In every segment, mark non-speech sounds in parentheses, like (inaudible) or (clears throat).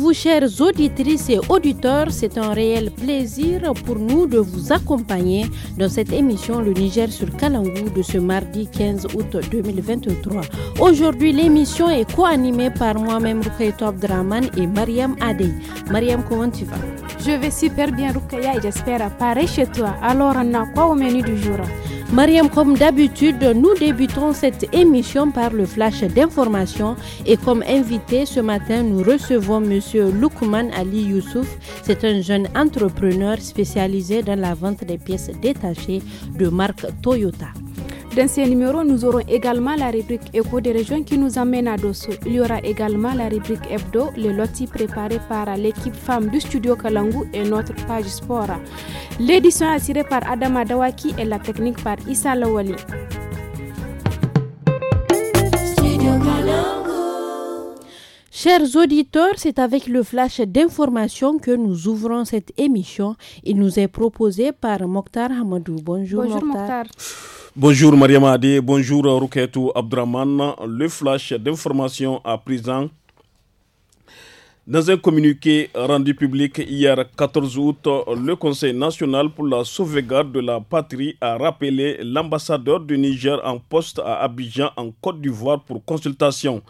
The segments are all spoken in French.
vous, chers auditrices et auditeurs. C'est un réel plaisir pour nous de vous accompagner dans cette émission Le Niger sur Kalangou de ce mardi 15 août 2023. Aujourd'hui, l'émission est co-animée par moi-même, Top Draman et Mariam Adey. Mariam, comment tu vas Je vais super bien, Rukaya, et j'espère apparaître chez toi. Alors, on a quoi au menu du jour Mariam, comme d'habitude, nous débutons cette émission par le flash d'information et comme invité ce matin, nous recevons M. Loukman Ali Youssouf. C'est un jeune entrepreneur spécialisé dans la vente des pièces détachées de marque Toyota. Dans ces numéros, nous aurons également la rubrique Écho des régions qui nous amène à Dosso. Il y aura également la rubrique Hebdo, le loti préparé par l'équipe femme du studio Kalangu et notre page sport. L'édition est assurée par Adama Dawaki et la technique par Issa Lawali. Chers auditeurs, c'est avec le flash d'information que nous ouvrons cette émission. Il nous est proposé par Mokhtar Hamadou. Bonjour, Bonjour Mokhtar. Bonjour Maria Adé, bonjour Rouketou Abdraman. Le flash d'information à présent. Dans un communiqué rendu public hier 14 août, le Conseil national pour la sauvegarde de la patrie a rappelé l'ambassadeur du Niger en poste à Abidjan en Côte d'Ivoire pour consultation.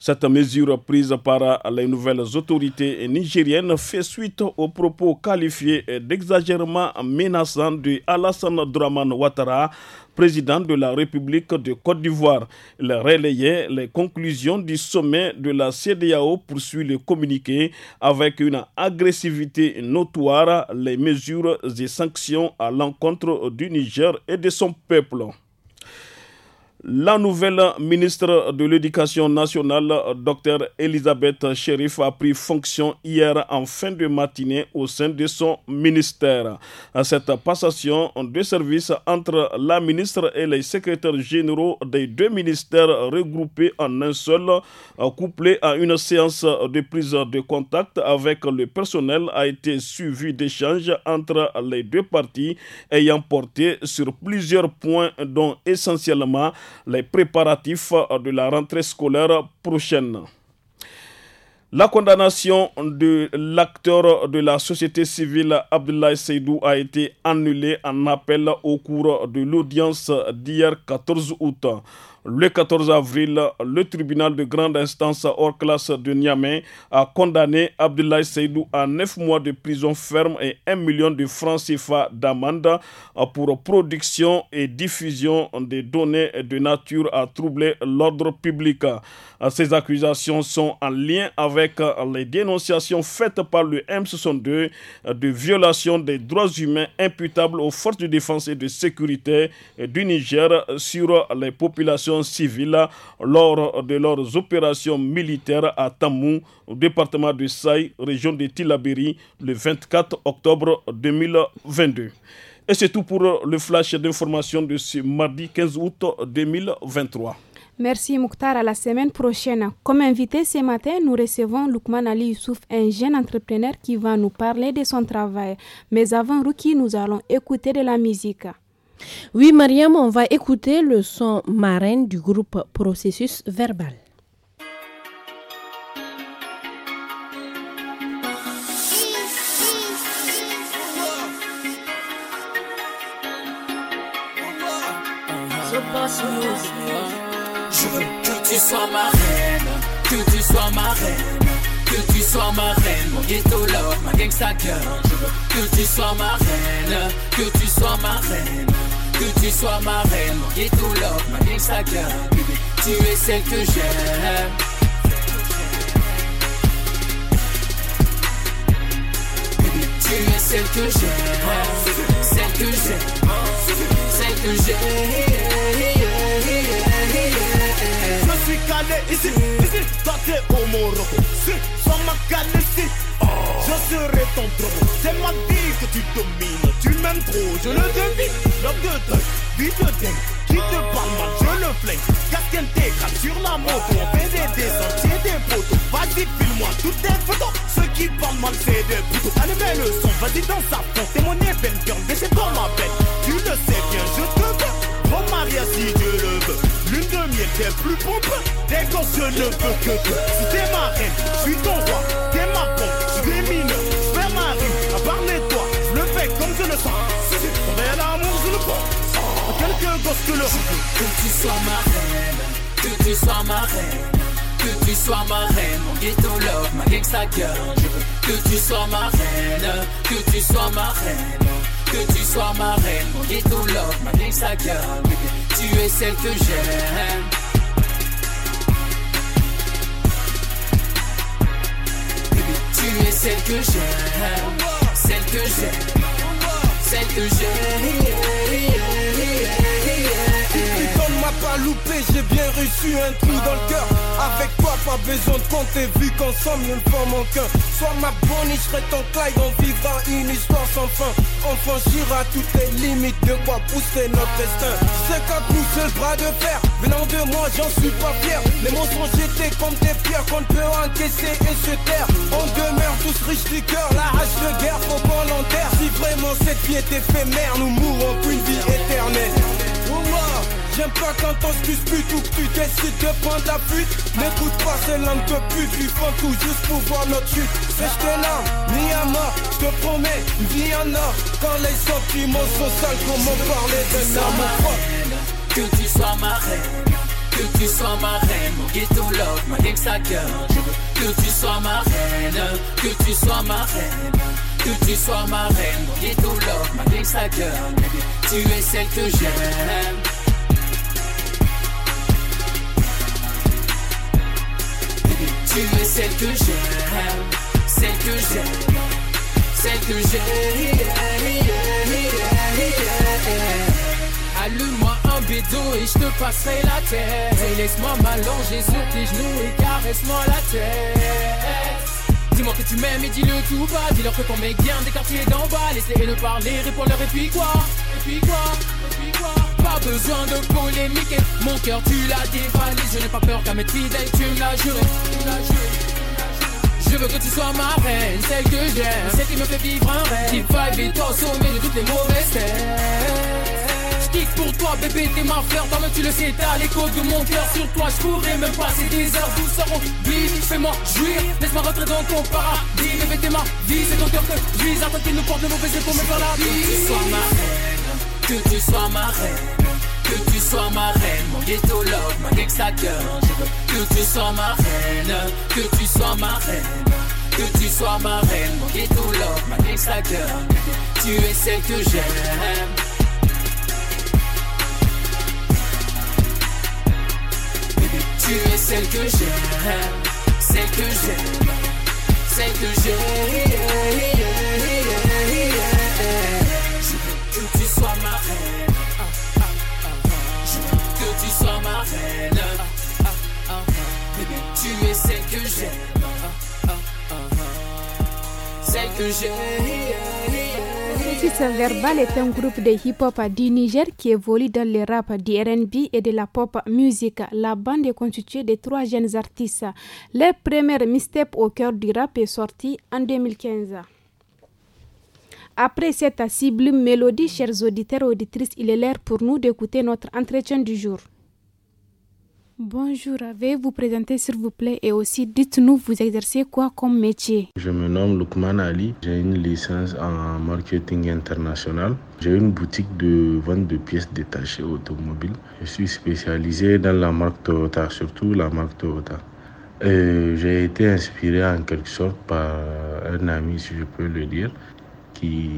Cette mesure prise par les nouvelles autorités nigériennes fait suite aux propos qualifiés d'exagérément menaçants de Alassane Draman Ouattara, président de la République de Côte d'Ivoire. Il relayait les conclusions du sommet de la CDAO, poursuit le communiqué, avec une agressivité notoire les mesures et sanctions à l'encontre du Niger et de son peuple. La nouvelle ministre de l'Éducation nationale, Dr Elisabeth Sherif, a pris fonction hier en fin de matinée au sein de son ministère. Cette passation de service entre la ministre et les secrétaires généraux des deux ministères regroupés en un seul, couplée à une séance de prise de contact avec le personnel, a été suivie d'échanges entre les deux parties ayant porté sur plusieurs points dont essentiellement les préparatifs de la rentrée scolaire prochaine. La condamnation de l'acteur de la société civile Abdoulaye Seydou a été annulée en appel au cours de l'audience d'hier 14 août. Le 14 avril, le tribunal de grande instance hors classe de Niamey a condamné Abdoulaye Seydou à 9 mois de prison ferme et 1 million de francs CFA d'amende pour production et diffusion des données de nature à troubler l'ordre public. Ces accusations sont en lien avec les dénonciations faites par le M62 de violation des droits humains imputables aux forces de défense et de sécurité du Niger sur les populations civile lors de leurs opérations militaires à Tamou, au département de Saï, région de Tillabéri, le 24 octobre 2022. Et c'est tout pour le flash d'information de ce mardi 15 août 2023. Merci Mouktar. À la semaine prochaine. Comme invité ce matin, nous recevons Lukman Ali Youssouf, un jeune entrepreneur qui va nous parler de son travail. Mais avant Ruki, nous allons écouter de la musique. Oui, Mariam, on va écouter le son marraine du groupe Processus Verbal. Je veux que tu sois ma reine, que tu sois ma reine sois ma reine, mon ghetto love, ma gangsta gueule, que tu sois ma reine, que tu sois ma reine. Que tu sois ma reine, mon ghetto love, ma gangsta gueule. tu es celle que j'aime. Tu es celle que j'aime, celle que j'aime, celle que j'aime. Je suis calé ici, ici, toi t'es au Morocco. Si, sois ma calé ici, oh, je serai ton drogue. C'est ma vie que tu domines, tu m'aimes trop, je le devine. L'homme de deuil, vie de dingue, qui te parle mal, je le flingue. Casque intégral sur la moto, on fait des descentes, j'ai des photos. Vas-y, file-moi toutes tes photos. Ceux qui parlent mal, c'est des plutôt. Allez, mets le son, vas-y dans sa peau, T'es mon éventaire, déchets toi ma belle. Tu le sais bien, je te veux. mon mariage si Dieu le veut. Lune de miel, t'es plus pompe T'es gosses, je ne peux que te Si t'es ma reine, je suis ton roi T'es ma pompe, je suis des mineurs Je fais ma rime, à parler de toi Je le fais comme je le sens Si tu ton l'amour, je le porte Quelqu'un gosse que le Que tu sois ma reine Que tu sois ma reine que tu sois ma reine, mon ghetto love, ma gangsta girl. que tu sois ma reine, que tu sois ma reine, que tu sois ma reine, mon ghetto love, ma gangsta girl. gueule. Tu es celle que j'aime. Tu es celle que j'aime. Celle que j'aime. Celle que j'aime pas loupé, j'ai bien reçu un trou dans le cœur. Avec toi, pas besoin de compter, vu qu'ensemble nous ne pas qu'un. Sois ma bonne, je serai ton Clyde, on vivra une histoire sans fin. On franchira toutes les limites de quoi pousser notre destin. qu'à pousser le bras de fer, venant de moi, j'en suis pas fier. Les mon étaient j'étais comme des pierres qu'on peut encaisser et se taire. On demeure tous riches du cœur, la hache de guerre, faut qu'on l'enterre. Si vraiment cette vie est éphémère, nous mourrons qu'une vie éternelle. J'aime pas quand on se dispute ou que tu décides de prendre la fuite N'écoute pas ces langues de pute, ils font tout juste pour voir notre chute C'est j'te larme, ni à mort, te promets, une vie en or Quand les sentiments sont sales, comment parler de ça Que tu sois ma reine que tu sois ma reine, mon ghetto love, ma game girl que tu sois ma reine, que tu sois ma reine, que tu sois ma reine, mon ghetto love, ma game saga. Tu es celle que j'aime. Tu es celle que j'aime, celle que j'aime, celle que j'aime. Allume-moi un bédo et je te passerai la tête. Et laisse-moi m'allonger sur tes genoux et caresse-moi la tête. Dis-moi que tu m'aimes et dis-le tout bas. Dis-leur que ton mec vient des quartiers d'en bas. Laissez-le parler, réponds-leur et puis quoi Et puis quoi besoin de polémique Mon cœur tu l'as dévalisé Je n'ai pas peur qu'à mettre fidèle, tu me l'as juré je veux que tu sois ma reine, celle que j'aime, celle qui me fait vivre un rêve. Qui va et toi au sommet de toutes les mauvaises terres. Je pour toi, bébé, t'es ma fleur. Toi-même, tu le sais, t'as l'écho de mon cœur. Sur toi, je pourrais même passer des heures. Douceur, oublie, fais-moi jouir. Laisse-moi rentrer dans ton paradis. Bébé, t'es ma vie, c'est ton cœur que vise. Attends qu'il nous porte de mauvais pour me faire la vie. Que tu sois ma reine, que tu sois ma reine que tu sois ma reine, mon ghetto-love, ma gangsta-girl. que tu sois ma reine, que tu sois ma reine. Que tu sois ma reine, mon ghetto-love, ma gangsta-girl. Tu es celle que j'aime. Tu es celle que j'aime, celle que j'aime, celle que j'aime. que tu sois ma reine que tu que j'aime. Verbal est un groupe de hip-hop du Niger qui évolue dans le rap, du RB et de la pop music. La bande est constituée de trois jeunes artistes. Leur premier mixtape au cœur du rap est sorti en 2015. Après cette sublime mélodie, chers auditeurs et auditrices, il est l'heure pour nous d'écouter notre entretien du jour. Bonjour, avez vous présenter s'il vous plaît et aussi dites-nous vous exercez quoi comme métier. Je me nomme Lukman Ali, j'ai une licence en marketing international. J'ai une boutique de vente de pièces détachées automobiles. Je suis spécialisé dans la marque Toyota, surtout la marque Toyota. Euh, j'ai été inspiré en quelque sorte par un ami, si je peux le dire, qui,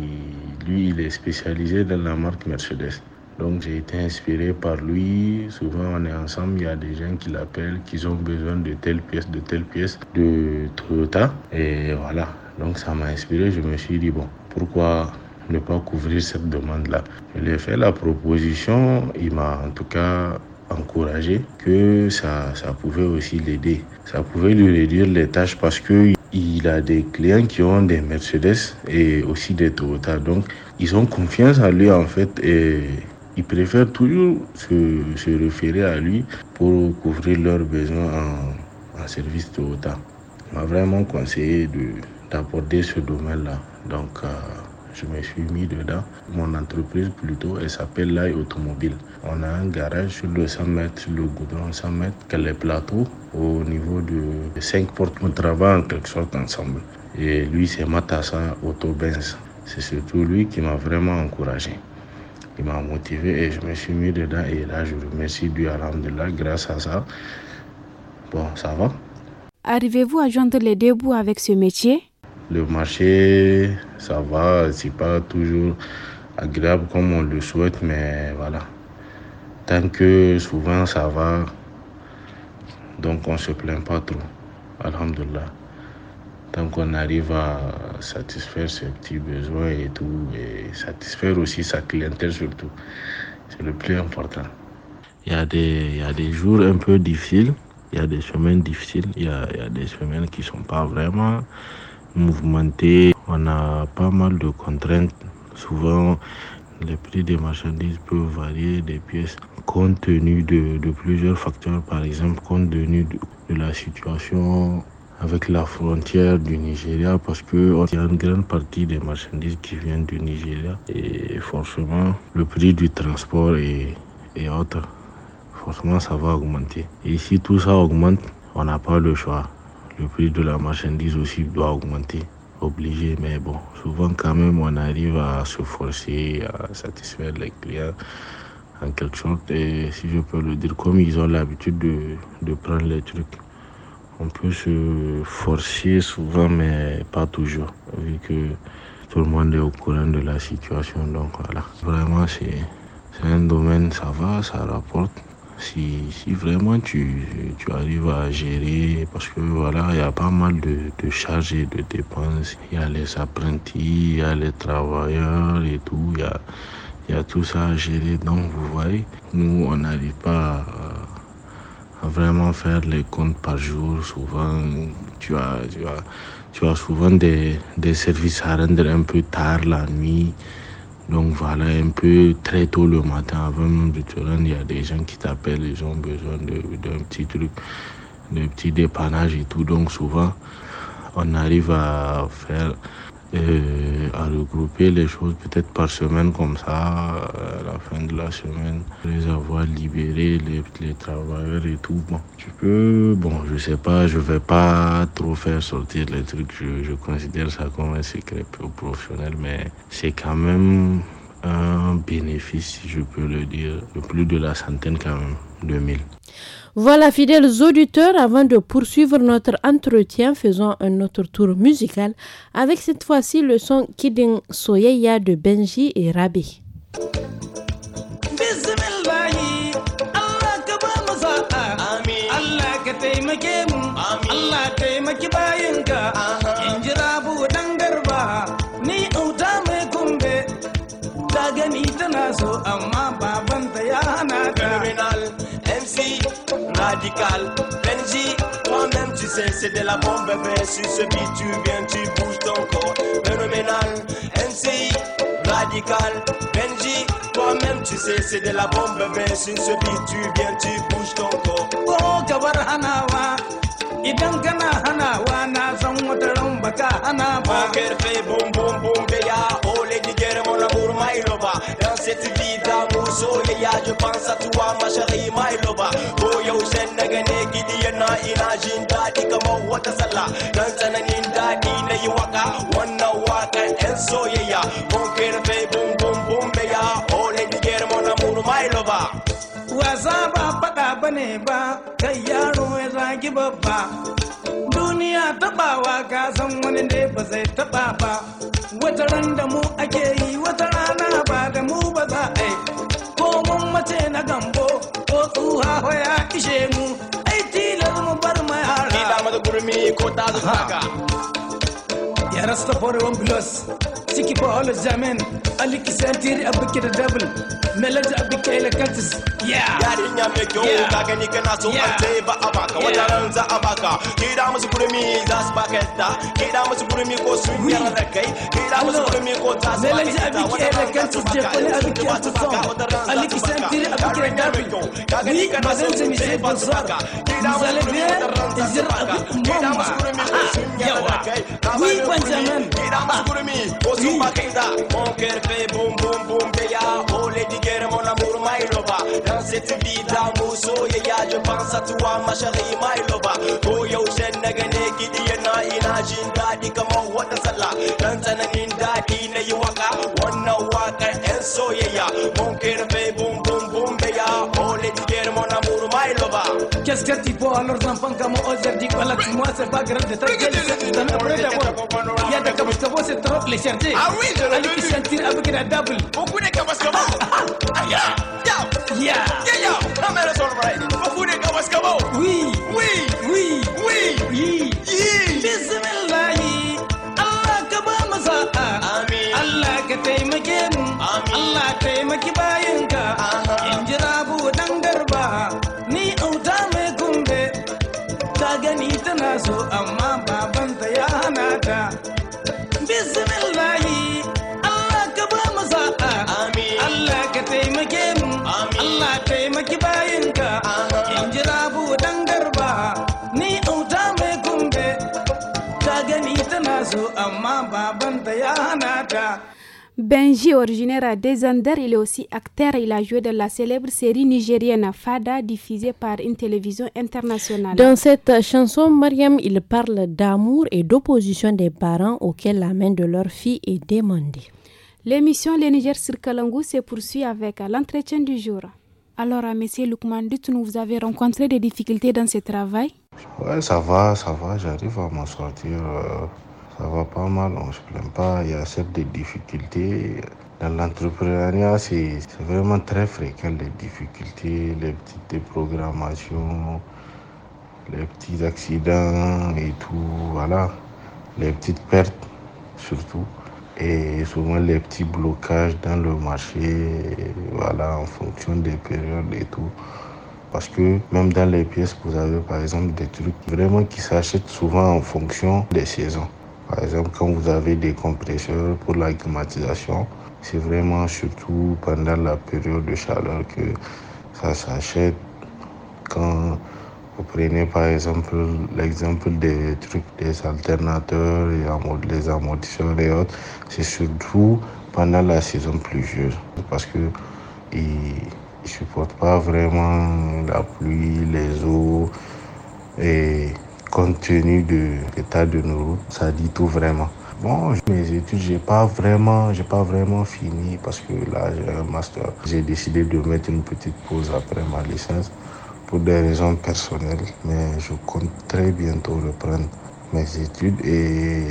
lui, il est spécialisé dans la marque Mercedes. Donc j'ai été inspiré par lui. Souvent on est ensemble, il y a des gens qui l'appellent, qui ont besoin de telle pièce, de telle pièce de Toyota. Et voilà, donc ça m'a inspiré. Je me suis dit, bon, pourquoi ne pas couvrir cette demande-là Je lui ai fait la proposition, il m'a en tout cas encouragé que ça, ça pouvait aussi l'aider. Ça pouvait lui réduire les tâches parce que il a des clients qui ont des Mercedes et aussi des Toyota. Donc, ils ont confiance en lui en fait et ils préfèrent toujours se, référer à lui pour couvrir leurs besoins en, en service Toyota. Il m'a vraiment conseillé d'aborder ce domaine-là. Donc, euh, je me suis mis dedans. Mon entreprise plutôt, elle s'appelle Lai Automobile. On a un garage sur le 100 mètres, sur le goudron 100 mètres, est les plateaux au niveau de cinq portes. de travail en quelque sorte ensemble. Et lui, c'est Matassa Otto C'est surtout lui qui m'a vraiment encouragé. Il m'a motivé et je me suis mis dedans. Et là, je remercie Dieu, Alhamdulillah, grâce à ça. Bon, ça va. Arrivez-vous à joindre les deux bouts avec ce métier Le marché, ça va, c'est pas toujours agréable comme on le souhaite, mais voilà. Tant que souvent ça va, donc on ne se plaint pas trop. Alhamdulillah. Tant qu'on arrive à satisfaire ses petits besoins et tout, et satisfaire aussi sa clientèle surtout, c'est le plus important. Il y, a des, il y a des jours un peu difficiles, il y a des semaines difficiles, il y a, des semaines qui ne sont pas vraiment mouvementées. On a pas mal de contraintes. Souvent, les prix des marchandises peuvent varier des pièces compte tenu de, plusieurs facteurs, par exemple compte tenu de, la situation avec la frontière du Nigeria parce que y a une grande partie des marchandises qui viennent du Nigeria et forcément le prix du transport et autres, forcément ça va augmenter. Et si tout ça augmente, on n'a pas le choix. Le prix de la marchandise aussi doit augmenter, obligé, mais bon, souvent quand même on arrive à se forcer, à satisfaire les clients en quelque sorte, et si je peux le dire, comme ils ont l'habitude de, prendre les trucs. On peut se forcer souvent, mais pas toujours, vu que tout le monde est au courant de la situation. Donc voilà, vraiment, c'est un domaine, ça va, ça rapporte. Si, vraiment tu, arrives à gérer, parce que voilà, il y a pas mal de, de charges et de dépenses. Il y a les apprentis, il y a les travailleurs et tout. il Y a, il y a tout ça à gérer. Donc, vous voyez, nous, on n'arrive pas à, vraiment faire les comptes par jour. Souvent, tu as, tu as, tu as souvent des, services à rendre un peu tard la nuit. Donc voilà, un peu très tôt le matin, avant même de te rendre, il y a des gens qui t'appellent, ils ont besoin d'un petit truc, d'un petit dépannage et tout. Donc souvent, on arrive à faire et à regrouper les choses peut-être par semaine comme ça, à la fin de la semaine, les avoir libérés, les, les travailleurs et tout. Bon, tu peux, bon, je sais pas, je vais pas trop faire sortir les trucs, je, je considère ça comme un secret professionnel, mais c'est quand même un bénéfice, si je peux le dire, de plus de la centaine quand même, 2000. Voilà, fidèles auditeurs, avant de poursuivre notre entretien, faisons un autre tour musical avec cette fois-ci le son Kidding Soyeya de Benji et Rabi. radical. benji, toi-même tu sais, c'est de la bombe, mais Sur ce beat, tu viens, tu bouges ton corps. Phénoménal, NCI, radical. Benji, toi-même tu sais, c'est de la bombe, mais Sur ce beat, tu viens, tu bouges ton corps. Oh, Hanawa. Idan hanawa na san wata ran baka hana ba. Mon ya oh lady girl mon amour my lover. Dans cette vie d'amour soleil, je pense à toi ma chérie my kamar wata sallah don tsananin daɗi na yi waka wannan waka yan soyayya bon kerfe bum bum bum beya ole diger mona muru mai loba wasa ba faɗa ba ne ba kai yaro ya zagi babba duniya taɓawa ka san wani ne ba zai taɓa ba wata ran da mu ake yi wata rana ba da mu ba za a yi ko mun mace na gambo ko tsuha ya ishe mu encontrados pra cá. يا راس فور ون بلس سيكي بقول الزمان قال لك سنتير قبل كده دبل ملاذ قبل كده كاتس يا yarinya mai kyau ka gani kana so arte ba a baka wata ran za a baka ke da musu gurmi za su baka yadda ke da musu gurmi ko sun yarda da kai ke da musu gurmi ko ta su baka yadda wata ran za su baka yadda ba su baka wata ran za su baka yarinya mai kyau ka gani kana so arte ba su baka ke da musu gurmi wata ran za su baka ke da musu gurmi ko sun yarda da kai ka bani Get on my gurumi, my lover. à toi, ma chérie, my lover. One and so mon cœur fait Kes kerti bo alor zan banka Benji, originaire à Desander, il est aussi acteur. Il a joué dans la célèbre série nigérienne Fada, diffusée par une télévision internationale. Dans cette chanson, Mariam, il parle d'amour et d'opposition des parents auxquels la main de leur fille est demandée. L'émission Les Niger sur Kalangu se poursuit avec l'entretien du jour. Alors, Monsieur Lukman, dites-nous, vous avez rencontré des difficultés dans ce travail Oui, ça va, ça va, j'arrive à m'en sortir. Euh, ça va pas mal, on se plaint pas, il y a certes des difficultés. Dans l'entrepreneuriat, c'est vraiment très fréquent les difficultés, les petites déprogrammations, les petits accidents et tout, voilà, les petites pertes surtout. Et souvent les petits blocages dans le marché, voilà, en fonction des périodes et tout. Parce que même dans les pièces, vous avez par exemple des trucs vraiment qui s'achètent souvent en fonction des saisons. Par exemple, quand vous avez des compresseurs pour la climatisation, c'est vraiment surtout pendant la période de chaleur que ça s'achète. Quand vous prenez par exemple l'exemple des trucs, des alternateurs, les amortisseurs et autres, c'est surtout pendant la saison pluvieuse parce qu'ils ne supportent pas vraiment la pluie, les eaux et compte tenu de l'état de nos routes, ça dit tout vraiment. Bon, mes études, j'ai pas vraiment, j'ai pas vraiment fini parce que là, j'ai un master. J'ai décidé de mettre une petite pause après ma licence pour des raisons personnelles, mais je compte très bientôt reprendre mes études et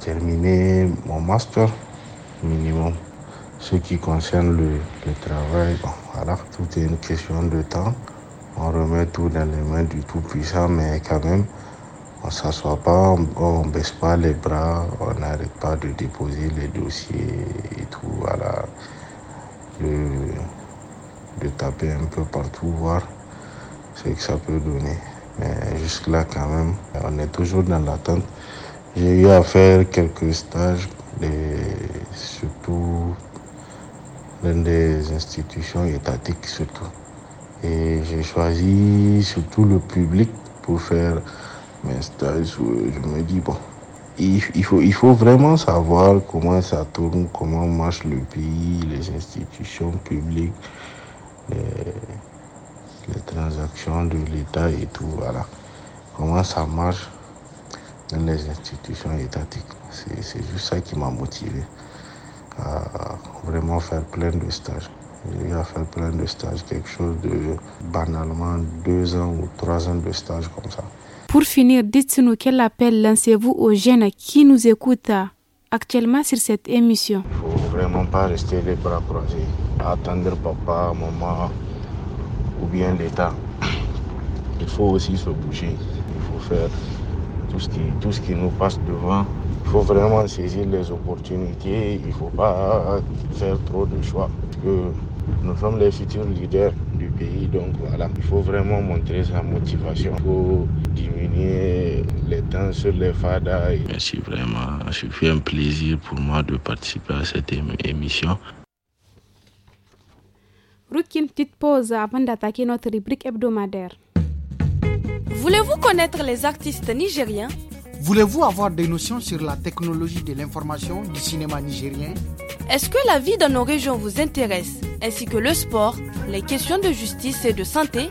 terminer mon master minimum. Ce qui concerne le, travail, bon, voilà, tout est une question de temps. On remet tout dans les mains du Tout-Puissant, mais quand même, on ne s'assoit pas, on ne baisse pas les bras, on n'arrête pas de déposer les dossiers et tout, voilà. De, de taper un peu partout, voir ce que ça peut donner. Mais jusque-là, quand même, on est toujours dans l'attente. J'ai eu à faire quelques stages, surtout dans des institutions étatiques, surtout. Et j'ai choisi surtout le public pour faire stage euh, je me dis, bon, il, faut, il faut vraiment savoir comment ça tourne, comment marche le pays, les institutions publiques, les, transactions de l'État et tout, voilà. Comment ça marche dans les institutions étatiques. C'est juste ça qui m'a motivé à vraiment faire plein de stages. J'ai à faire plein de stages, quelque chose de banalement deux ans ou trois ans de stage comme ça. Pour finir, dites-nous quel appel lancez-vous aux jeunes qui nous écoutent actuellement sur cette émission Il ne faut vraiment pas rester les bras croisés, attendre papa, maman ou bien l'État. (clears throat) Il faut aussi se bouger, il faut faire tout ce qui, tout ce qui nous passe devant. Il faut vraiment saisir les opportunités, il ne faut pas faire trop de choix. que nous sommes les futurs leaders du pays, donc voilà, il faut vraiment montrer sa motivation diminuer les temps sur les fadas. Merci vraiment. c'est un plaisir pour moi de participer à cette émission. une petite pause avant d'attaquer notre rubrique hebdomadaire. Voulez-vous connaître les artistes nigériens Voulez-vous avoir des notions sur la technologie de l'information du cinéma nigérien Est-ce que la vie dans nos régions vous intéresse, ainsi que le sport, les questions de justice et de santé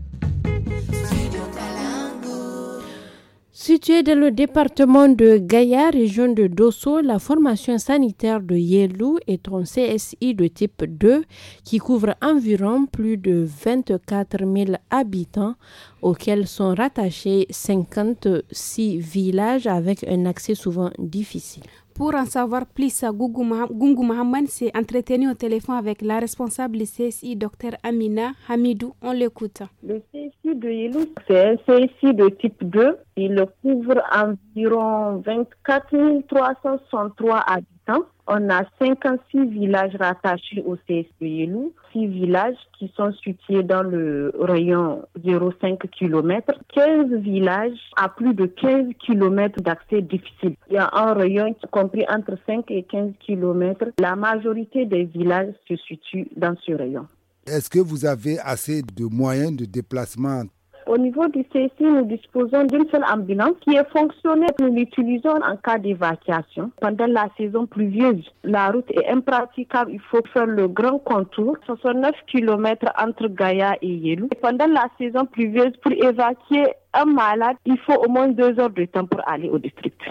Située dans le département de Gaïa, région de Dosso, la formation sanitaire de Yelou est un CSI de type 2 qui couvre environ plus de 24 000 habitants auxquels sont rattachés 56 villages avec un accès souvent difficile. Pour en savoir plus, Gungu Mahaman s'est entretenu au téléphone avec la responsable du CSI, Dr Amina Hamidou. On l'écoute. Le CSI de Yelou, c'est un CSI de type 2. Il couvre environ 24 363 habitants. On a 56 villages rattachés au CSP 6 villages qui sont situés dans le rayon 0,5 km, 15 villages à plus de 15 km d'accès difficile. Il y a un rayon qui compris entre 5 et 15 km. La majorité des villages se situent dans ce rayon. Est-ce que vous avez assez de moyens de déplacement au niveau du CSI, nous disposons d'une seule ambulance qui est fonctionnelle. Nous l'utilisons en cas d'évacuation. Pendant la saison pluvieuse, la route est impraticable. Il faut faire le grand contour, 69 km entre Gaïa et Yelou. Et pendant la saison pluvieuse, pour évacuer un malade, il faut au moins deux heures de temps pour aller au district.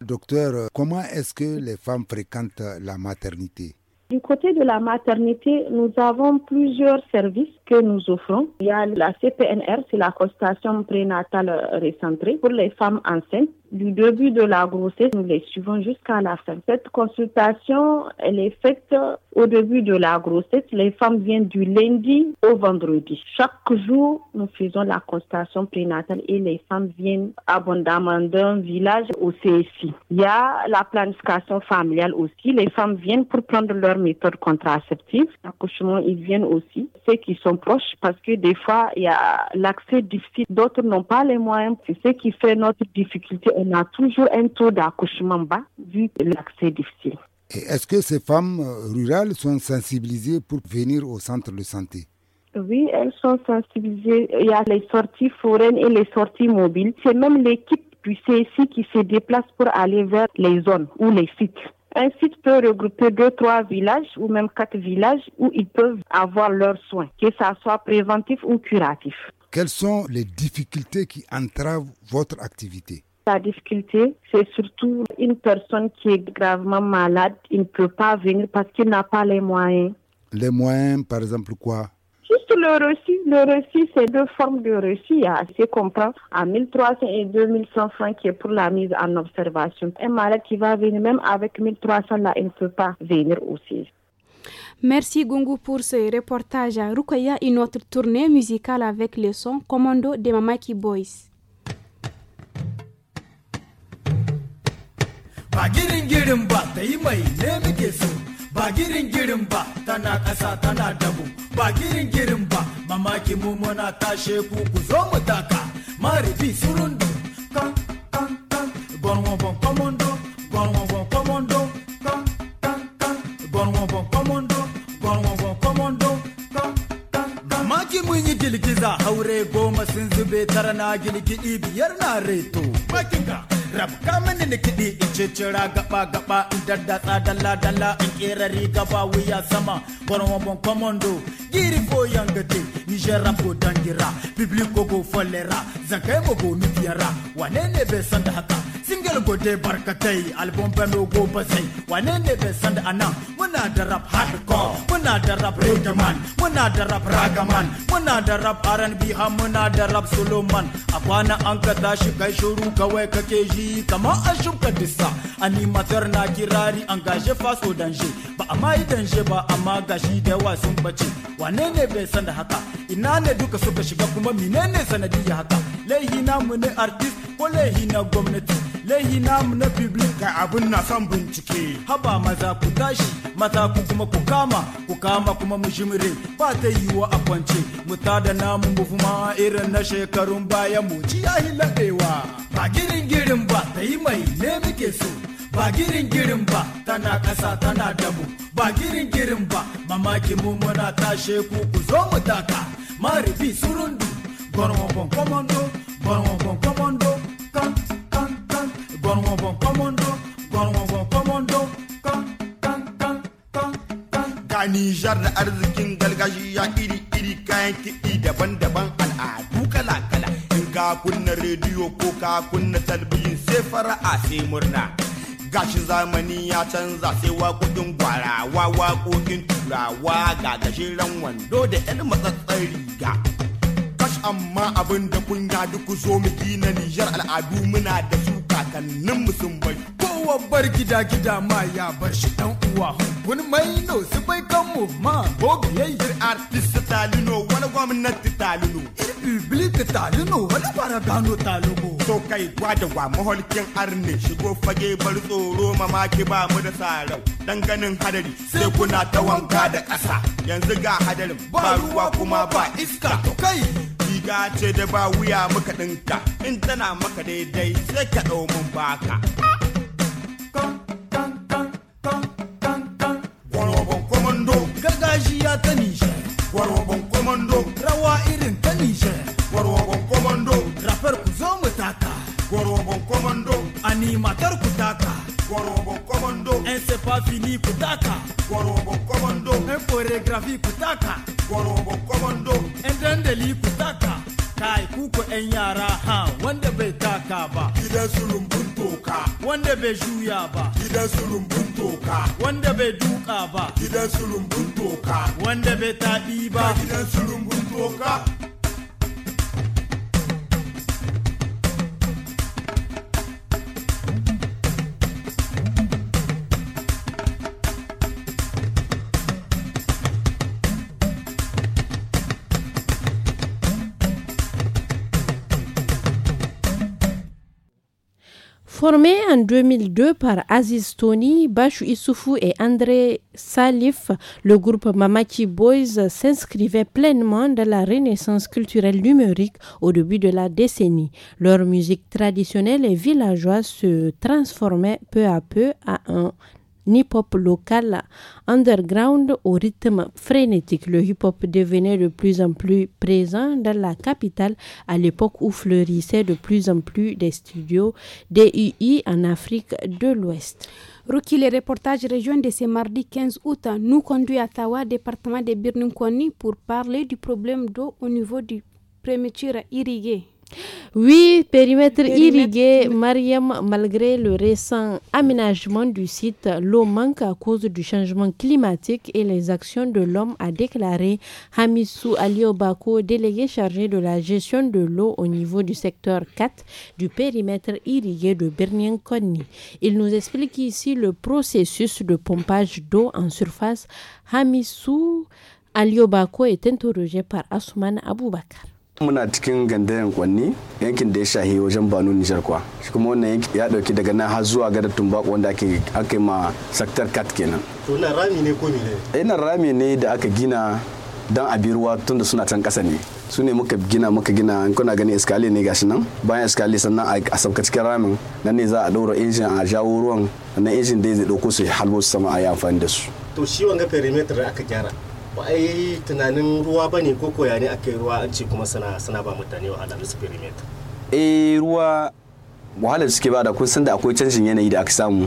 Docteur, comment est-ce que les femmes fréquentent la maternité du côté de la maternité, nous avons plusieurs services que nous offrons. Il y a la CPNR, c'est la consultation prénatale récentrée pour les femmes enceintes. Du début de la grossesse, nous les suivons jusqu'à la fin. Cette consultation, elle est faite au début de la grossesse. Les femmes viennent du lundi au vendredi. Chaque jour, nous faisons la consultation prénatale et les femmes viennent abondamment d'un village au CSI. Il y a la planification familiale aussi. Les femmes viennent pour prendre leur méthode contraceptive. L'accouchement, ils viennent aussi. Ceux qui sont proches parce que des fois, il y a l'accès difficile. D'autres n'ont pas les moyens. C'est ce qui fait notre difficulté. On a toujours un taux d'accouchement bas vu l'accès difficile. Est-ce que ces femmes euh, rurales sont sensibilisées pour venir au centre de santé oui, elles sont sensibilisées. Il y a les sorties foraines et les sorties mobiles. C'est même l'équipe du CSI qui se déplace pour aller vers les zones ou les sites. Un site peut regrouper deux, trois villages ou même quatre villages où ils peuvent avoir leurs soins, que ce soit préventif ou curatif. Quelles sont les difficultés qui entravent votre activité la difficulté, c'est surtout une personne qui est gravement malade, il ne peut pas venir parce qu'il n'a pas les moyens. Les moyens, par exemple, quoi le reçu. Le c'est deux formes de reçu. Il y a à 1300 et 2100 francs qui est pour la mise en observation. Un malade qui va venir même avec 1300, là, il ne peut pas venir aussi. Merci Gungu pour ce reportage. à Rukaya, une autre tournée musicale avec le son Commando de Mamaki Boys. ba girin girin ba tana ƙasa tana dabu ba girin girin ba mamaki mu muna tashe ku ku zo mu taka bi surundu kan kan kan gwanwa bon komondo gwanwa mun yi girgiza haure goma sun zube tara na gilgidi biyar na reto makinka rabka mini ni kiɗi in cicira gaba gaba in daddatsa dalla dalla in kera riga wuya sama kwarwabon komando giri ko yangate nijar ko dangira bibli ko go folera zakai ko go nufiyara wane ne bai san da haka Yar gode barkatai album ba mai gobe sai wane ne bai san anan muna da rap hardcore muna da rap reggaeman muna da rap ragaman muna da rap R&B har muna da rap Solomon a kwana an ka tashi kai shuru kawai kake ji kama a shuka dissa matar na kirari an gashe faso danje ba a mai danje ba amma gashi da yawa sun bace wane ne bai sanda haka ina ne duka suka shiga kuma menene sanadiyya haka laihi mu ne artist ko laihi na gwamnati lahi namu na biblik kai abin na son bincike haba maza ku tashi mata ku kuma ku kama ku kama kuma mu jimire ba ta yiwa a kwance mu da namu mu fuma irin na shekarun baya mu ci yahi laɗewa ba girin girin ba ta yi mai ne muke so ba girin girin ba tana ƙasa tana damu ba girin girin ba mamaki mu muna tashe ku ku zo mu taka maribi surundu gwarwon bon komando komando ga nijar da arzikin gargajiya iri-iri kayan kiɗi daban-daban al'adu kala-kala in ka kunna rediyo ko ka kunna talbijin sai fara'a sai murna gashi zamani ya canza sai waƙoƙin gwarawa waƙoƙin turawa ga gashiran wando da 'yan matsatsar riga kash amma abin da kunya duk zo mu gina nijar al'adu muna da su kakanninmu sun bai kowa bar gida gida ma ya bar shi dan uwa wani maino su bai mu. ma ko biyayyar artist talino wani gwamnati talino bibiliki talino wani fara gano talino so kai gwa da wa maholkin arne shigo fage bar tsoro mamaki ba mu da sarau dan ganin hadari sai kuna ta wanka da ƙasa yanzu ga hadarin ba ruwa kuma ba iska kai riga ce da ba wuya muka ɗinka in tana maka daidai sai ka ɗau mun baka. Warobon komando gargajiya ta Nijar. Warobon komando rawa irin ta Nijar. Warobon komando rafar ku zo mu taka. Warobon komando ani matar ku taka. Warobon komando en c'est pas fini ku taka. Warobon komando en chorégraphie ku taka. Warobon komando en dandali ku wanda bai juya ba gidan sulumbun toka wanda bai duka ba gidan sulumbun toka wanda bai taɗi ba gidan sulumbun toka Formé en 2002 par Aziz Tony, Bashu Issoufou et André Salif, le groupe Mamaki Boys s'inscrivait pleinement dans la renaissance culturelle numérique au début de la décennie. Leur musique traditionnelle et villageoise se transformait peu à peu à un hip-hop local underground au rythme frénétique. Le hip-hop devenait de plus en plus présent dans la capitale à l'époque où fleurissaient de plus en plus des studios DUI en Afrique de l'Ouest. Rocky, le reportage région de ce mardi 15 août nous conduit à Tawa, département de Birnunkoni, pour parler du problème d'eau au niveau du prémature irrigué. Oui, périmètre, irrigué, Mariam, malgré le récent aménagement du site, l'eau manque à cause du changement climatique et les actions de l'homme, a déclaré Hamissou Aliobako, délégué chargé de la gestion de l'eau au niveau du secteur 4 du périmètre irrigué de bernien konni Il nous explique ici le processus de pompage d'eau en surface. Hamissou Aliobako est interrogé par Asuman Aboubakar. muna cikin gandayen kwanni yankin da ya shahi wajen banu nijar kuwa shi kuma wannan yankin ya dauki daga nan har zuwa gadar tumbaku wanda ake yi ma saktar kat kenan to rami ne ko ne eh rami ne da aka gina dan a ruwa tun da suna can kasa ne su ne muka gina muka gina in kuna ganin iskali ne gashi nan bayan iskali sannan a sauka cikin ramin nan ne za a ɗaura injin a jawo ruwan na injin da zai ɗauko su halbo su sama a yi amfani da su to shi wanga perimeter aka gyara ba tunanin ruwa ba ne ko koya ne aka yi ruwa an ce kuma sana sana ba mutane su perimeter eh ruwa wahalar suke ba da kun san da akwai canjin yanayi da aka samu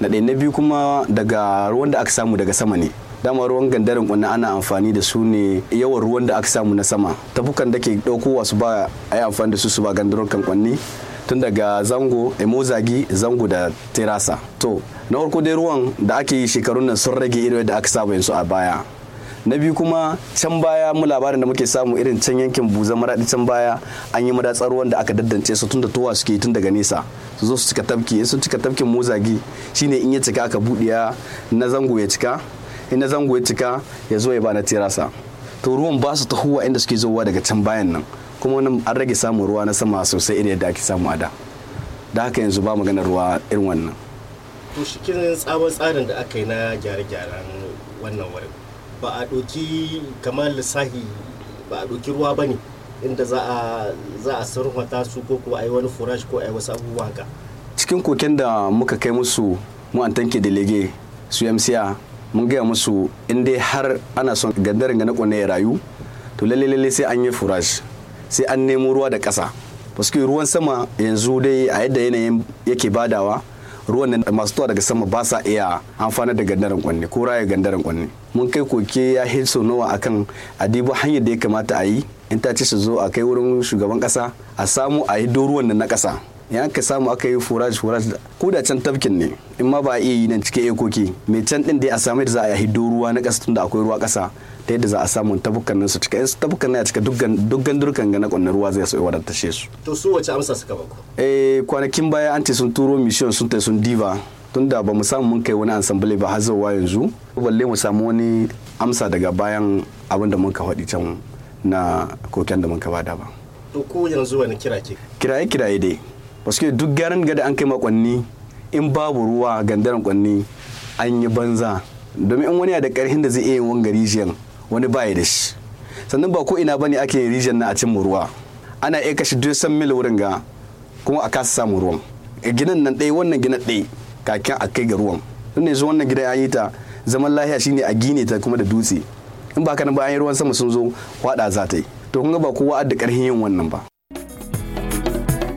na ɗaya na biyu kuma daga ruwan da aka samu daga sama ne dama ruwan gandarin kunna ana amfani da su ne yawan ruwan da aka samu na sama tafukan da ke ɗaukowa su ba a yi amfani da su su ba gandarin kunni tun daga zango emozagi zango da terasa to na farko dai ruwan da ake yi shekarun nan sun rage irin da aka saba yanzu a baya na biyu kuma can baya mu labarin da muke samu irin can yankin buza maradi can baya an yi madatsar wanda aka daddance su tun da towa suke tun daga nesa su zo su cika tafki in sun cika tafkin mozagi shine in ya cika aka buɗiya na zango ya cika in na zango ya cika ya zo ya ba na tirasa to ruwan ba su tahowa inda suke zowa daga can bayan nan kuma wannan an rage samun ruwa na sama sosai irin yadda ake samu a da da haka yanzu ba magana ruwa irin wannan to shi tsabon tsarin da aka yi na gyare-gyaren wannan wurin ba a ɗoki kamar lissahi ba a ɗoki ruwa ba ne inda za a sarrafa su ko ko a wani furash ko a wasu abubuwa haka cikin koken da muka kai musu mu an tanke delege su mca mun gaya musu in dai har ana son gandarin ga na kone ya rayu to lalle lalle sai an yi furash sai an nemo ruwa da ƙasa paske ruwan sama yanzu dai a yadda yanayin yake badawa ruwan nan masu tuwa daga sama ba sa iya amfana da gandaren kwanne ko raya gandaren kwanne mun kai koke ya hiso nawa akan adibu hanyar da ya kamata a yi in ta ce su zo a kai wurin shugaban kasa a samu a yi doruwan nan na kasa ya aka samu aka yi forage forage ko da can tafkin ne in ma ba a iya yi nan cikin ekoki mai can din dai a samu da za a hiddo ruwa na ƙasa tunda akwai ruwa ƙasa ta yadda za a samu tabukan nan su cika in tabukan nan ya cika dukkan durkan ga na ƙwanne ruwa zai so wadatace su to su wace amsa suka bako. eh kwanakin baya an ce sun turo mission sun ta sun diva tunda ba mu samu mun kai wani ensemble ba har zuwa yanzu balle mu samu wani amsa daga bayan abin da mun ka faɗi can na koken da mun ka bada ba to ko yanzu wani kira ke kiraye kiraye dai paske duk gyaran gada an kai makonni in babu ruwa gandaran kwanni an yi banza domin in wani da karhin da zai iya yin wanga rijiyan wani ba da shi sannan ba ko ina bane ake yin na a cin ruwa ana iya kashe duk san mil wurin ga kuma a kasa samu ruwan e, ginin nan ɗaya wannan ginin ɗaya kakin a kai ga ruwan tun yanzu wannan gida ya yi ta zaman lahiya shine a gine ta kuma da dutse in ba ka ba an yi ruwan sama sun zo kwaɗa za ta yi to kun ga ba kowa da karhin yin wannan ba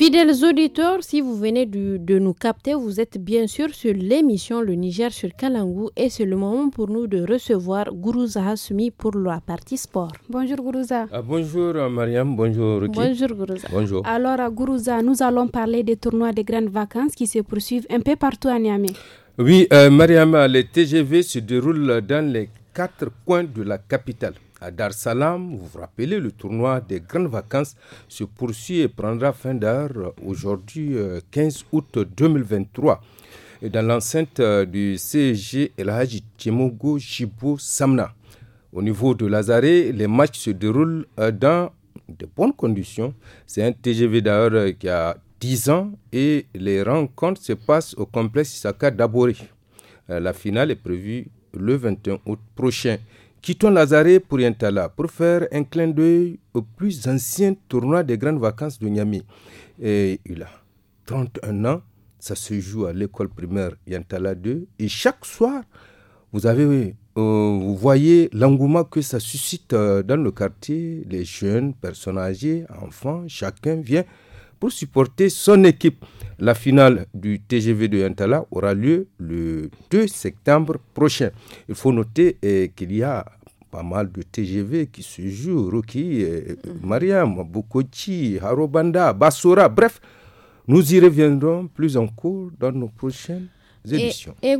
Fidèles auditeurs, si vous venez de, nous capter, vous êtes bien sûr sur l'émission Le Niger sur Kalangou et c'est le moment pour nous de recevoir Gourouza Hassoumi pour la partie sport. Bonjour Gourouza. Ah, bonjour Mariam, bonjour Ruki. Bonjour Gourouza. Bonjour. Alors Gourouza, nous allons parler des tournois des grandes vacances qui se poursuivent un peu partout à Niamey. Oui, euh, Mariam, les TGV se déroulent dans les quatre coins de la capitale. À Dar Salam, vous vous rappelez, le tournoi des grandes vacances se poursuit et prendra fin d'heure aujourd'hui 15 euh, août 2023. Et dans l'enceinte euh, du CG El Hadji tchimogo Jibo Samna. Au niveau de Lazare, les matchs se déroulent euh, dans de bonnes conditions. C'est un TGV d'ailleurs qui a 10 ans et les rencontres se passent au complexe saka Dabori. La finale est prévue le 21 août prochain. Quittons Lazare pour Yantala pour faire un clin d'œil au plus ancien tournoi des grandes vacances de Niami. Et il a 31 ans, ça se joue à l'école primaire Yantala 2. Et chaque soir, vous, avez, euh, vous voyez l'engouement que ça suscite euh, dans le quartier. Les jeunes, personnes âgées, enfants, chacun vient pour supporter son équipe. La finale du TGV de Yantala aura lieu le 2 septembre prochain. Il faut noter eh, qu'il y a pas mal de TGV qui se jouent, Ruki, eh, Mariam, Bokochi, Harobanda, Bassora, bref, nous y reviendrons plus en cours dans nos prochaines éditions. Et, et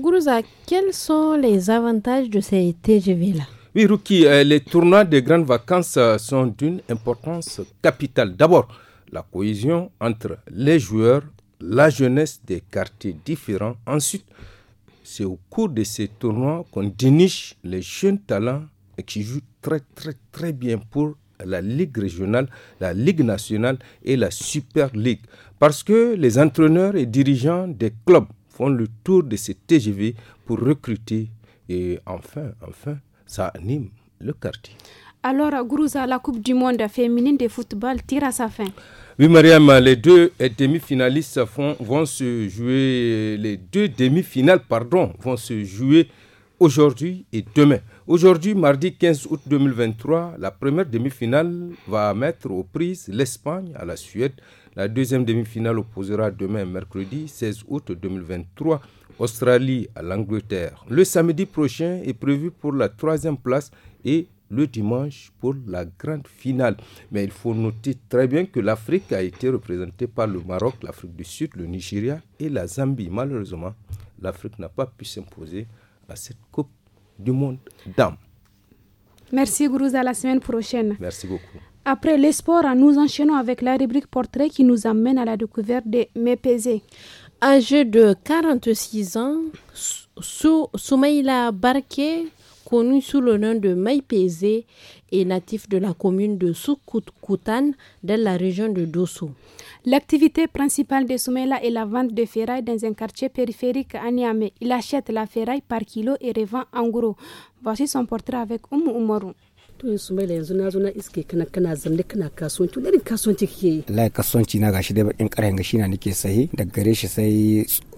quels sont les avantages de ces TGV-là Oui, Ruki, eh, les tournois des grandes vacances sont d'une importance capitale. D'abord, la cohésion entre les joueurs, la jeunesse des quartiers différents. Ensuite, c'est au cours de ces tournois qu'on déniche les jeunes talents qui jouent très très très bien pour la Ligue régionale, la Ligue nationale et la Super Ligue. Parce que les entraîneurs et dirigeants des clubs font le tour de ces TGV pour recruter. Et enfin, enfin, ça anime le quartier. Alors, Gourouza, la Coupe du Monde féminine de football tire à sa fin. Oui, Mariam, les deux demi-finalistes vont se jouer, les deux demi-finales, pardon, vont se jouer aujourd'hui et demain. Aujourd'hui, mardi 15 août 2023, la première demi-finale va mettre aux prises l'Espagne à la Suède. La deuxième demi-finale opposera demain, mercredi 16 août 2023, Australie à l'Angleterre. Le samedi prochain est prévu pour la troisième place et le dimanche pour la grande finale. Mais il faut noter très bien que l'Afrique a été représentée par le Maroc, l'Afrique du Sud, le Nigeria et la Zambie. Malheureusement, l'Afrique n'a pas pu s'imposer à cette Coupe du Monde d'âme. Merci Gourouza. à la semaine prochaine. Merci beaucoup. Après l'espoir, nous enchaînons avec la rubrique portrait qui nous amène à la découverte des Mépésés. âgé de 46 ans, Soumaïla Barké connu sous le nom de Maïpézé et natif de la commune de Soukoutan dans la région de Dosso. L'activité principale de Soumela est la vente de ferraille dans un quartier périphérique à Niamey. Il achète la ferraille par kilo et revend en gros. Voici son portrait avec Oumou Oumarou.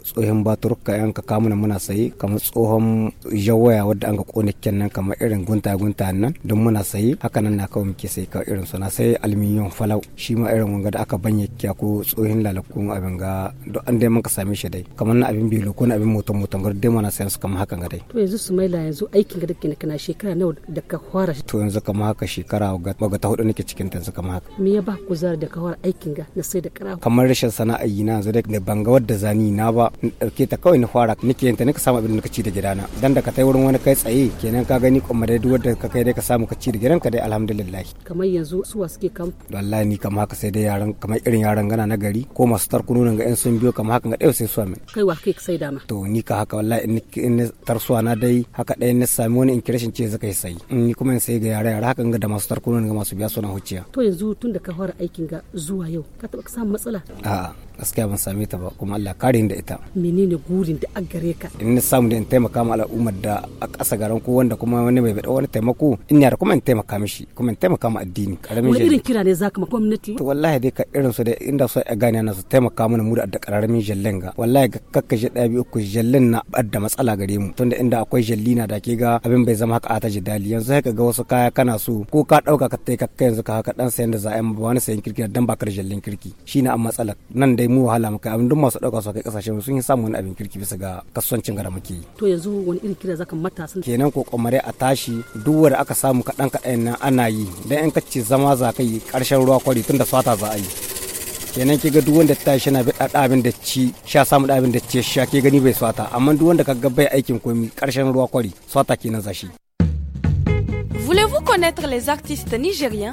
tsohon baturka yanka ka kamuna muna sayi kamar tsohon jawaya wadda an ga kone kenan kamar irin gunta gunta nan don muna sayi haka nan na kawai muke sayi kawai irin suna sai alminiyon falau shi ma irin wanga da aka banye kya ko tsohon lalakun abin ga duk an dai muka same shi dai kamar na abin bilo ko na abin motan motan gar dai muna sayan su kamar hakan ga dai to yanzu su maila yanzu aikin ga dake kana shekara nawa da ka fara to yanzu kamar haka shekara ga ta hudu nake cikin ta yanzu kamar haka me ya ba zara da ka fara aikin ga na sai da kara kamar rashin sana'a yi na yanzu da banga wadda zani na ba ke ta kawai na fara nake yin ta nika samu abin da ci da gidana dan da ka tai wurin wani kai tsaye kenan ka gani kuma dai duwar da ka kai dai ka samu ka ci da gidanka dai alhamdulillah kamar yanzu suwa suke kam wallahi ni kamar haka sai dai yaran kamar irin yaran gana na gari ko masu tarkununan ga yan sun biyo kamar haka ga dai sai su amin kai wa kai sai dama to ni ka haka wallahi in tarsuwa na dai haka dai ni sami wani in ce zaka yi sai in ni kuma in sai ga yara yara haka ga da masu tarkununan ga masu biya suna huciya to yanzu tun da ka fara aikin ga zuwa yau ka taɓa samu matsala a'a gaskiya ban same ta ba kuma Allah kare da ita menene gurin da an gare ka in samu da in taimaka ma al'ummar da a ƙasa garan ko wanda kuma wani bai bada wani taimako in yara kuma in taimaka mishi kuma in taimaka ma addini karamin wani irin kira ne zaka ma gwamnati to wallahi dai ka irin su da inda su a gane na su taimaka mana mu da da karamin jallen ga wallahi ga kakkaje ɗaya biyu ku jallen na da matsala gare mu tunda inda akwai jalli na da ke ga abin bai zama haka a ta jidali yanzu haka ga wasu kaya kana so ko ka ɗauka ka kai kakka yanzu ka haka dan sayan da za'a yi ba wani sayan kirki dan ba kar jallen kirki shine an matsala nan dai mu wahala muka abin duk masu dauka su kai kasashen sun yi samun wani abin kirki bisa ga kasuwancin gara muke to yanzu wani irin kira zaka matasan kenan ko kamar a tashi duk wanda aka samu kaɗan kaɗan nan ana yi dan in kace zama za ka yi ƙarshen ruwa kwari tunda da za a yi kenan ke ga duk wanda ta shi na bi abin da ci sha samu abin da ci sha ke gani bai swata amma duk wanda ka ga bai aikin komi karshen ruwa kwari swata kenan zashi Voulez-vous connaître les artistes nigériens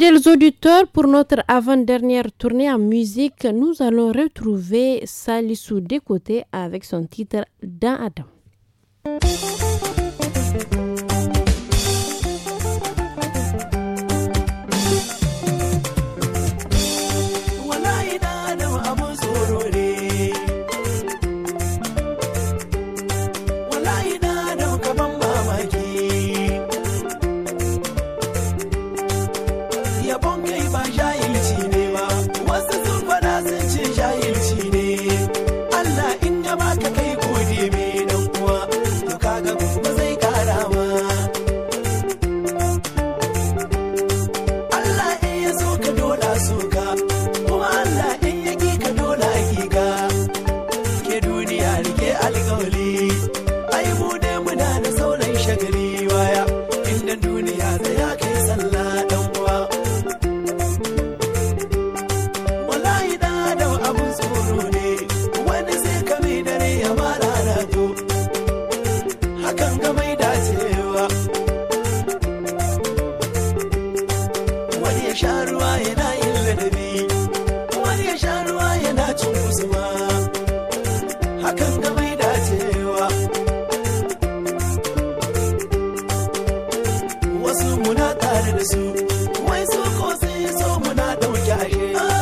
Les auditeurs, pour notre avant-dernière tournée en musique, nous allons retrouver des Décoté avec son titre Dans Adam. wai su ko sai so muna dauke ashe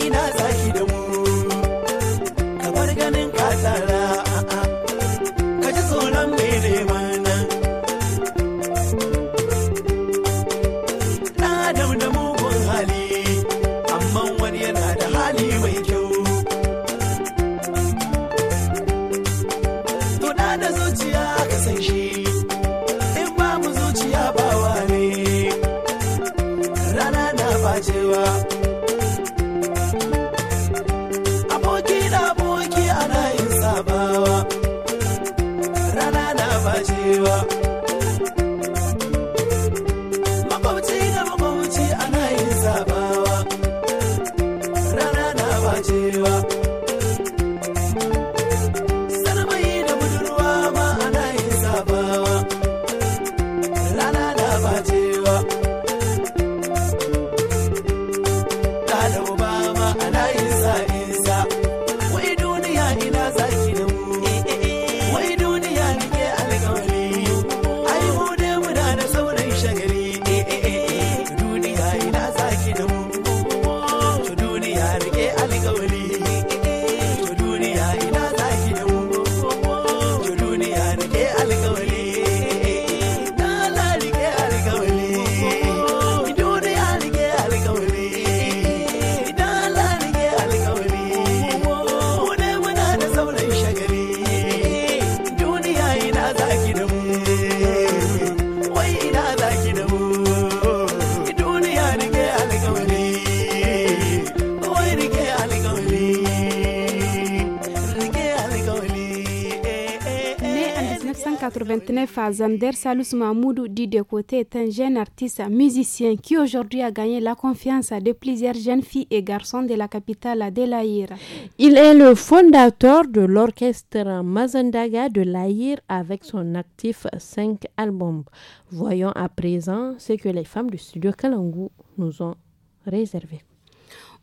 ina zaki da mu Zander, Salus Mahmoudou, dit de côté, est un jeune artiste musicien qui aujourd'hui a gagné la confiance de plusieurs jeunes filles et garçons de la capitale de Il est le fondateur de l'orchestre Mazandaga de l'Aïr avec son actif 5 albums. Voyons à présent ce que les femmes du studio Kalangu nous ont réservé.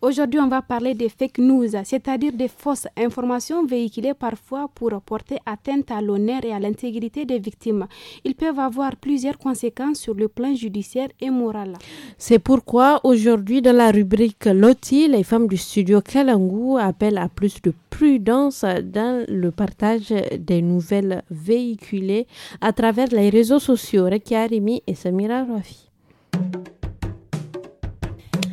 Aujourd'hui, on va parler des fake news, c'est-à-dire des fausses informations véhiculées parfois pour porter atteinte à l'honneur et à l'intégrité des victimes. Ils peuvent avoir plusieurs conséquences sur le plan judiciaire et moral. C'est pourquoi aujourd'hui, dans la rubrique Loti, les femmes du studio Kalangu appellent à plus de prudence dans le partage des nouvelles véhiculées à travers les réseaux sociaux. Rekia Arimi et Samira Rafi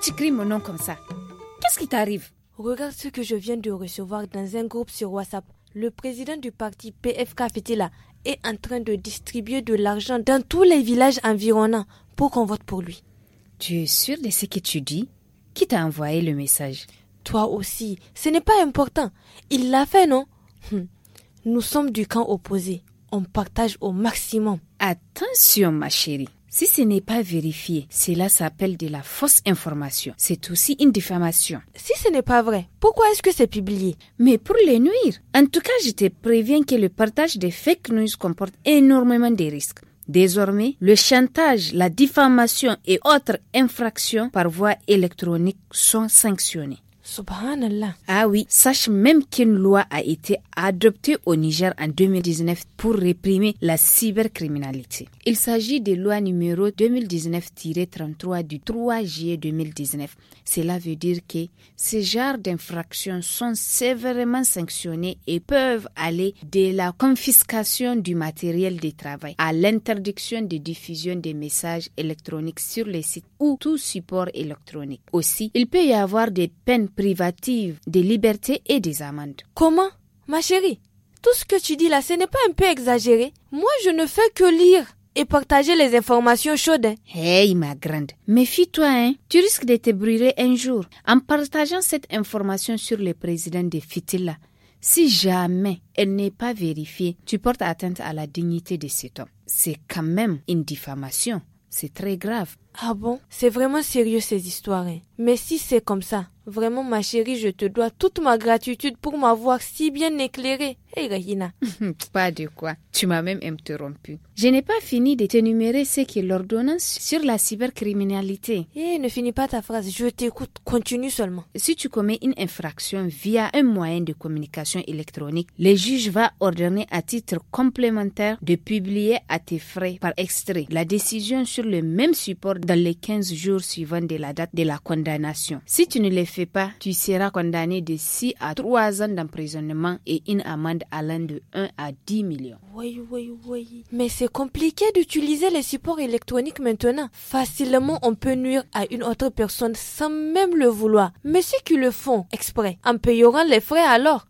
tu cries mon nom comme ça Qu'est-ce qui t'arrive Regarde ce que je viens de recevoir dans un groupe sur WhatsApp. Le président du parti PFK Fetila est en train de distribuer de l'argent dans tous les villages environnants pour qu'on vote pour lui. Tu es sûr de ce que tu dis Qui t'a envoyé le message Toi aussi. Ce n'est pas important. Il l'a fait, non hum. Nous sommes du camp opposé. On partage au maximum. Attention, ma chérie. Si ce n'est pas vérifié, cela s'appelle de la fausse information. C'est aussi une diffamation. Si ce n'est pas vrai, pourquoi est-ce que c'est publié Mais pour les nuire. En tout cas, je te préviens que le partage des fake news comporte énormément de risques. Désormais, le chantage, la diffamation et autres infractions par voie électronique sont sanctionnées. Subhanallah. Ah oui, sache même qu'une loi a été adoptée au Niger en 2019 pour réprimer la cybercriminalité. Il s'agit de loi numéro 2019-33 du 3 juillet 2019. Cela veut dire que ces genres d'infractions sont sévèrement sanctionnées et peuvent aller de la confiscation du matériel de travail à l'interdiction de diffusion des messages électroniques sur les sites ou tout support électronique. Aussi, il peut y avoir des peines privative des libertés et des amendes. Comment Ma chérie, tout ce que tu dis là, ce n'est pas un peu exagéré Moi, je ne fais que lire et partager les informations chaudes. Hey, ma grande, méfie-toi, hein. Tu risques de te brûler un jour en partageant cette information sur le président de Fitila. Si jamais elle n'est pas vérifiée, tu portes atteinte à la dignité de cet homme. C'est quand même une diffamation. C'est très grave. Ah bon C'est vraiment sérieux ces histoires. Hein. Mais si c'est comme ça, vraiment ma chérie, je te dois toute ma gratitude pour m'avoir si bien éclairée. Hé hey, Regina. (laughs) pas de quoi. Tu m'as même interrompu. Je n'ai pas fini de t'énumérer ce qu'est l'ordonnance sur la cybercriminalité. Hé, eh, ne finis pas ta phrase. Je t'écoute. Continue seulement. Si tu commets une infraction via un moyen de communication électronique, le juge va ordonner à titre complémentaire de publier à tes frais par extrait la décision sur le même support dans les 15 jours suivants de la date de la condamnation. Si tu ne les fais pas, tu seras condamné de 6 à 3 ans d'emprisonnement et une amende allant de 1 à 10 millions. Oui, oui, oui. Mais c'est compliqué d'utiliser les supports électroniques maintenant. Facilement, on peut nuire à une autre personne sans même le vouloir. Mais ceux qui le font exprès, en payant les frais alors.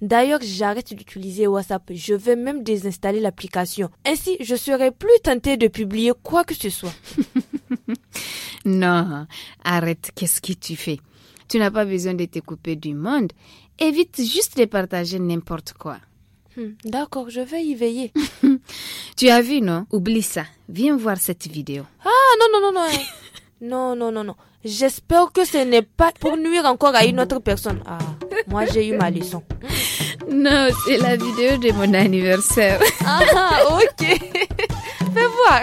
D'ailleurs, j'arrête d'utiliser WhatsApp. Je vais même désinstaller l'application. Ainsi, je serai plus tenté de publier quoi que ce soit. (laughs) (laughs) non, arrête, qu'est-ce que tu fais Tu n'as pas besoin de te couper du monde. Évite juste de partager n'importe quoi. Hmm, d'accord, je vais y veiller. (laughs) tu as vu, non Oublie ça. Viens voir cette vidéo. Ah, non, non, non, non. (laughs) non, non, non, non. J'espère que ce n'est pas pour nuire encore à une autre personne. Ah, moi j'ai eu ma leçon. Non, c'est la vidéo de mon anniversaire. Ah, ok. Fais voir.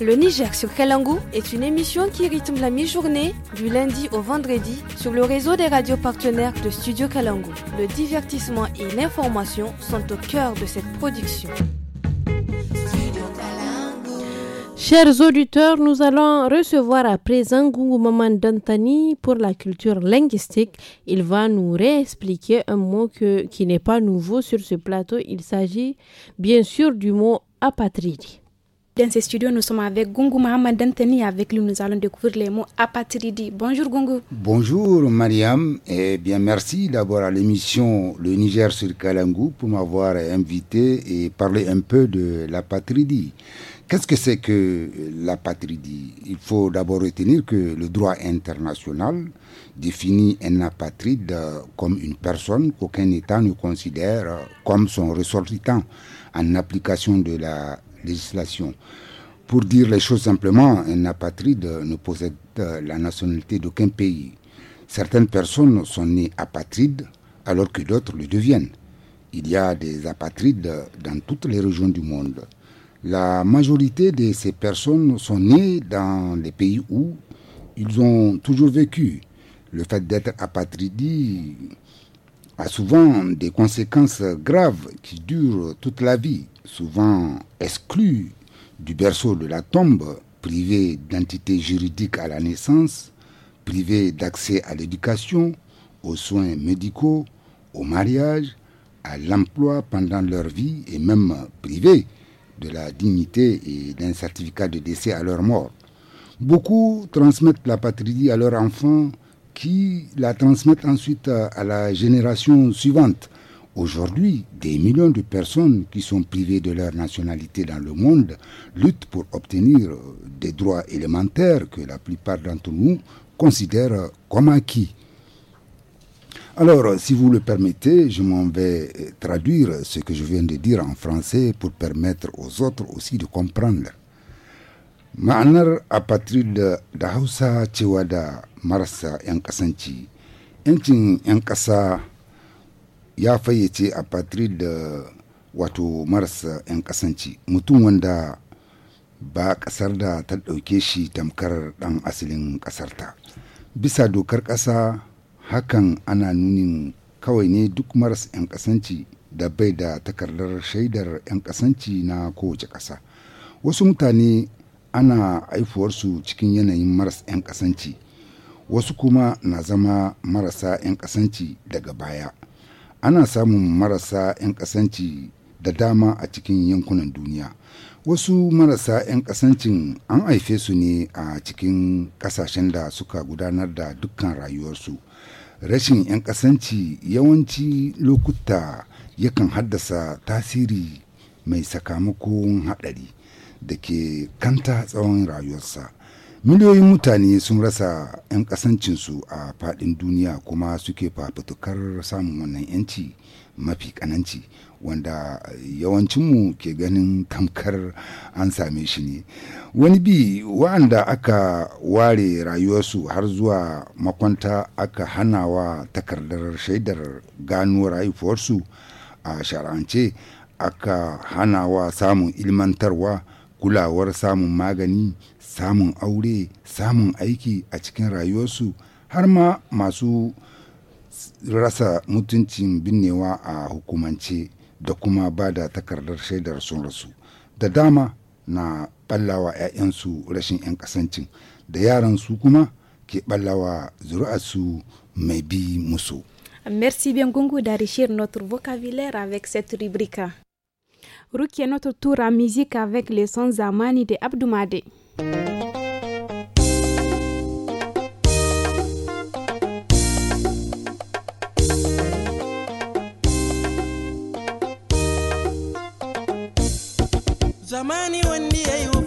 Le Niger sur Kalangu est une émission qui rythme la mi-journée du lundi au vendredi sur le réseau des radios partenaires de Studio Kalangu. Le divertissement et l'information sont au cœur de cette production. Chers auditeurs, nous allons recevoir à présent Gungu Maman Dantani pour la culture linguistique. Il va nous réexpliquer un mot qui n'est pas nouveau sur ce plateau. Il s'agit bien sûr du mot apatride. Dans ces studios, nous sommes avec Gungu Mohamed Danteni. Avec lui, nous allons découvrir les mots apatridi. Bonjour Gungu. Bonjour Mariam. Et bien, merci d'abord à l'émission Le Niger sur Kalangu pour m'avoir invité et parler un peu de l'apatridi. Qu'est-ce que c'est que l'apatridi Il faut d'abord retenir que le droit international définit un apatride comme une personne qu'aucun État ne considère comme son ressortissant en application de la pour dire les choses simplement, un apatride ne possède euh, la nationalité d'aucun pays. Certaines personnes sont nées apatrides alors que d'autres le deviennent. Il y a des apatrides dans toutes les régions du monde. La majorité de ces personnes sont nées dans les pays où ils ont toujours vécu. Le fait d'être apatride a souvent des conséquences graves qui durent toute la vie souvent exclus du berceau de la tombe, privés d'entité juridique à la naissance, privés d'accès à l'éducation, aux soins médicaux, au mariage, à l'emploi pendant leur vie et même privés de la dignité et d'un certificat de décès à leur mort. Beaucoup transmettent la patrie à leurs enfants qui la transmettent ensuite à la génération suivante Aujourd'hui, des millions de personnes qui sont privées de leur nationalité dans le monde luttent pour obtenir euh, des droits élémentaires que la plupart d'entre nous considèrent comme acquis. Alors, euh, si vous le permettez, je m'en vais euh, traduire ce que je viens de dire en français pour permettre aux autres aussi de comprendre. ma'anar apatride da hausa marasa 'yan ya fayyace a patrick da wato marasa 'yan kasance mutum wanda ba kasar da ta ɗauke shi tamkar ɗan asalin ƙasarta bisa dokar ƙasa hakan ana nunin kawai ne duk maras 'yan kasanci da bai da takardar shaidar 'yan kasanci na kowace ƙasa wasu mutane ana haifuwarsu cikin yanayin maras 'yan kasanci wasu kuma na zama marasa 'yan kasanci daga baya ana samun marasa 'yan kasanci da dama a cikin yankunan duniya wasu marasa 'yan kasancin an haife su ne a cikin kasashen da suka gudanar da dukkan rayuwarsu rashin 'yan kasanci yawanci lokuta yakan haddasa tasiri mai sakamakon haɗari da ke kanta tsawon rayuwarsa miliyoyin mutane sun rasa 'yan kasancinsu a fadin duniya kuma suke fafutukar samun wannan 'yanci mafi kananci wanda yawancinmu ke ganin tamkar an same shi ne wani bi wa'anda aka ware rayuwarsu har zuwa makwanta aka hana wa takardar shaidar gano rayuwarsu a shara'ance aka hanawa samun ilmantarwa kulawar samun magani samun aure samun aiki a cikin rayuwarsu har ma masu rasa mutuncin binnewa a hukumance da kuma ba da takardar shaidar sun rasu da dama na ɓallawa 'ya'yansu rashin 'yan kasancin da yaran su kuma ke ɓallawa zuri'arsu mai bi musu. Merci bien Gungu d'enrichir notre vocabulaire avec cette rubrique. Ruki notre tour à musique avec les sons Zamani de Abdoumade. zamani when ya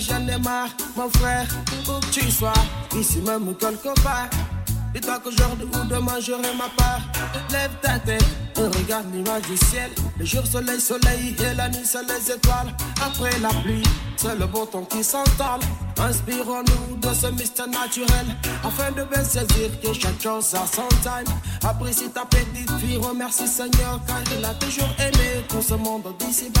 j'en ai marre, mon frère, où que tu sois, ici même ou quelque part. Dis-toi qu'aujourd'hui ou demain j'aurai ma part. Lève ta tête, regarde l'image du ciel. Le jour, soleil, soleil et la nuit, c'est les étoiles. Après la pluie, c'est le beau temps qui s'entale. Inspirons-nous de ce mystère naturel afin de bien saisir que chaque chose a son time. Apprécie ta petite fille, remercie Seigneur car il a toujours aimé pour ce monde d'ici-bas.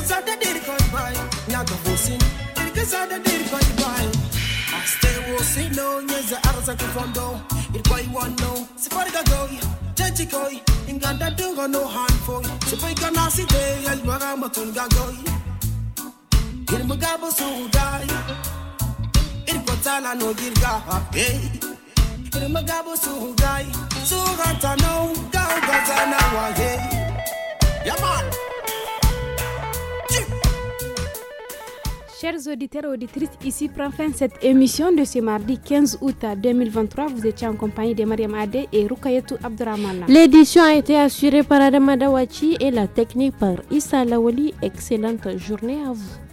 Casada dele corre vai, nada você. Ele casada dele corre vai. Stay você não, nyeza arza kufondo. Ele corre one no, se for gagoi. Gente koi, inganda dunga no handful. Se foi gana si de, el baga matun gagoi. Ele mugabo sudai. Ele kotala no girga, hey. Ele mugabo sudai. Sugata no, gaugata na wa, hey. Yeah man. Chers auditeurs et auditrices, ici prend fin cette émission de ce mardi 15 août 2023. Vous étiez en compagnie de Mariam Adé et Rukayetu Abdurrahman. L'édition a été assurée par Adam Dawachi et la technique par Issa Lawali. Excellente journée à vous.